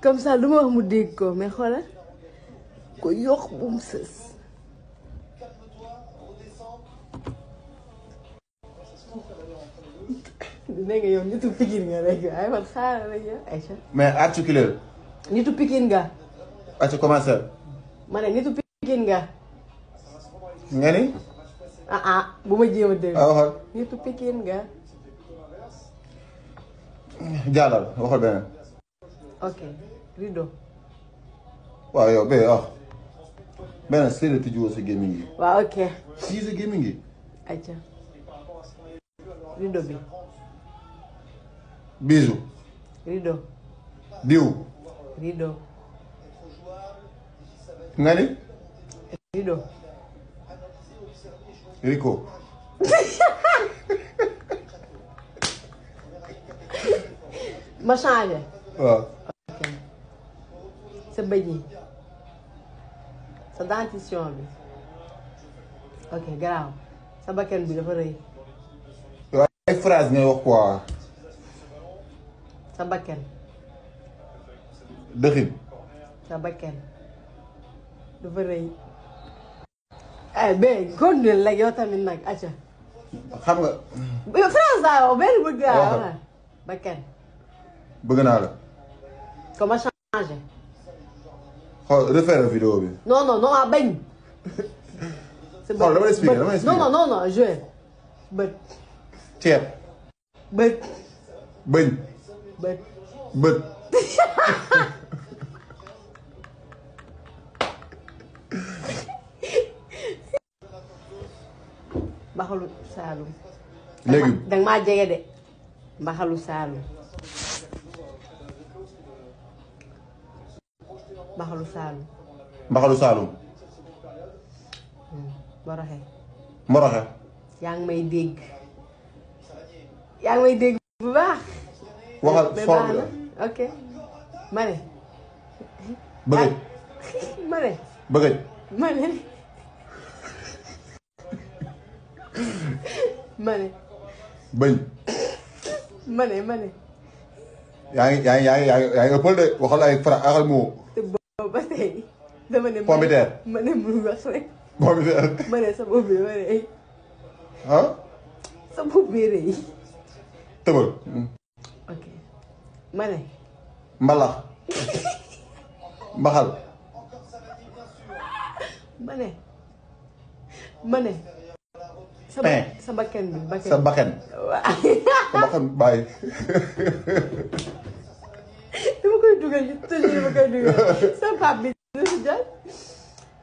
comme ça lu ma wax mu dégg ko mais xoolal ko yokk bu mu sës dégg nga yow nitu pikin nga rek ay man xaaral rek yow Aïcha mais articuleur pikin nga Aïcha commencé ma ne nitu pikin nga nga ah ah bu ma jéem a dégg ah, waxal nitu pikin nga jàllal waxal beneen Ok. Rido. Ouais, yo, ben, ah. Ben, c'est le tijou, c'est gaming. Ouais, ok. C'est c'est gaming. Acha. Rido, ben. Bisous. Rido. Bio. Rido. Nani? Rido. Rico. Ma waaw. sa bëñ yi sa dentition bi ok garaaw sa bakkan bi dafa rëy. waaw ay phrase ngay wax quoi. sa bakkan. dëxin. sa bakkan dafa rëy. Eh, ay la yow tamit nag acca. xam nga. yow phrase laa wax benn bëgg laa la. comme a changé. xool oh, refaire vidéo bi. non non non ah, bañ. xool dama lay expliqué dama lay expliqué non non non joué bët. ceeb. bët. bëñ. bët. bët. mbaxalu Saalum. léegi danga maa jege mbaxalu Saalum. mbaxalu saalum mbaxalu saalum hmm, moroxe moroxe yaa ngi may dégg yaa ngi may dégg bu baax waxal forme la ok ma ne bëggëj ma ne bëggëj ma ne ma ne bëñ ma ne ma ne yaa ngi yaa ngi yaa ngi yaa ngi ëppal de waxal ay fra axal moo dama ne pompiteer ma ne mu wax rek. pompiteer ma ne sa bopp bi ma rëy. sa bopp bi rëy. tëbal. ok ma ne. mbalax. mbaxal. ma ne. ma ne. sa sa bakken bi bakken. sa bakken. sa bakken bàyyi. dama koy dugal tëjee ma koy dugal sa pap bi.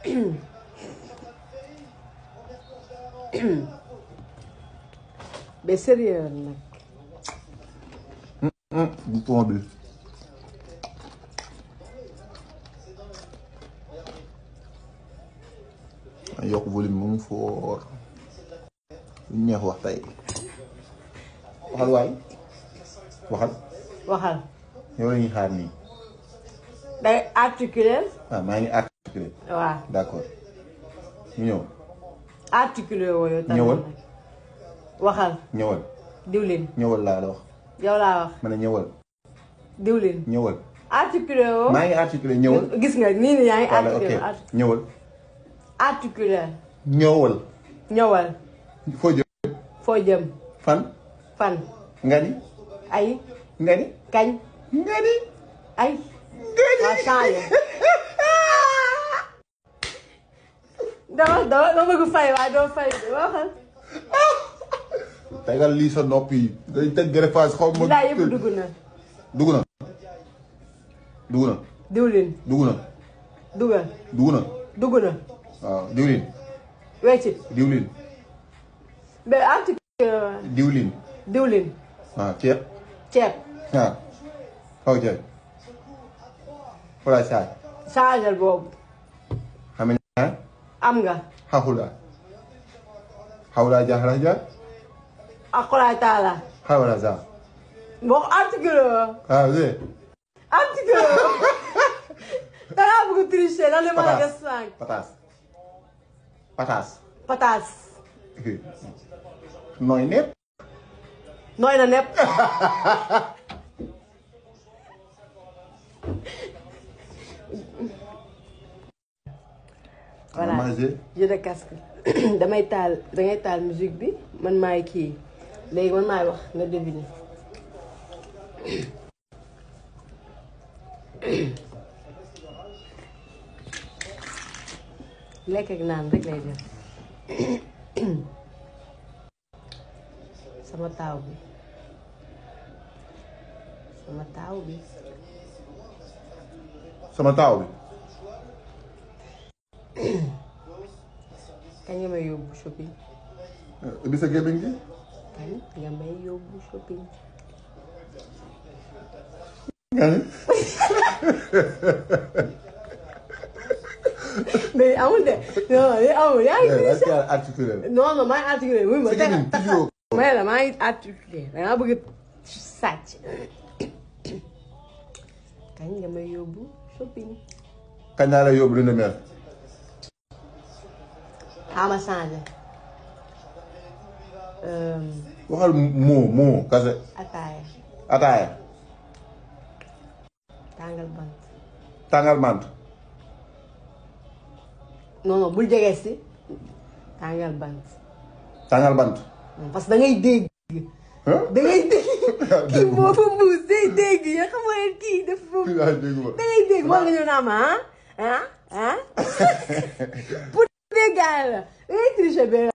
Beceriana. Vou hum, não hum, come. Aí eu vou limão fora. Minha rota tá aí. Wahal aí? Eu em Harni. Daí, acho é. Ah, mas a articulé. waaw d' accord ñu ñëw. articulé woo yow tamit. ñëwal. waxal. ñëwal. diwlin. ñëwal laa la wax. yow laa wax. ma ne ñëwal. diwlin. ñëwal. articulé woo. maa ngi articulé ñëwal. gis nga nii nii yaa ngi. articulé ok ñëwal. articulé. ñëwal. ñëwal. foo jëm. foo jëm. fan. fan. nga ni. ay. nga ni. kañ. nga ni. ay. nga ni. dama dama bëgg fay waaye doo fay waxal. tegal lii sa nopp yi dañ teg greffage xaw ma. laa yëpp dugg na. dugg na. dugg na. diwlin. dugg na. dugal. dugg na. dugg na. waaw diwlin. wecci. diwlin. mais article. diwlin. diwlin. ah ceeb. ceeb. ah xaw ceeb. wala saaj. saajal boobu. xam nga. am nga hahula hawla jahraja akola taala hawla za bon article ah oui article da ngaa bëgg tricher lan la ma la gas sànq pataas voilà jeu de casque damay taal dangay taal musique bi man maay kii léegi man maay wax nga deviner lekk ak naan rek lay def sama taaw bi sama taaw bi sama taaw bi may yóbbu shopping. di eh, sa gémmiñ gi. kan nga shopping. nga ni. mais amul de non amul yaa ngi. est-ce eh, que articulé may la maa ngi articulé da ngaa bëgg sàcc. shopping. kañ laa lay yóbbu lu ne xaama changé. waxal moo moo kase. ataaya. ataaya. tàngal bant. tàngal bant. non non bul jege si. bant. tàngal bant. parce que dégg. da dégg kii moo fa mbuus dégg ya xam nga leen kii def foofu da ngay dégg moo nga ñëw naa ma ah ah ah pegar entre GB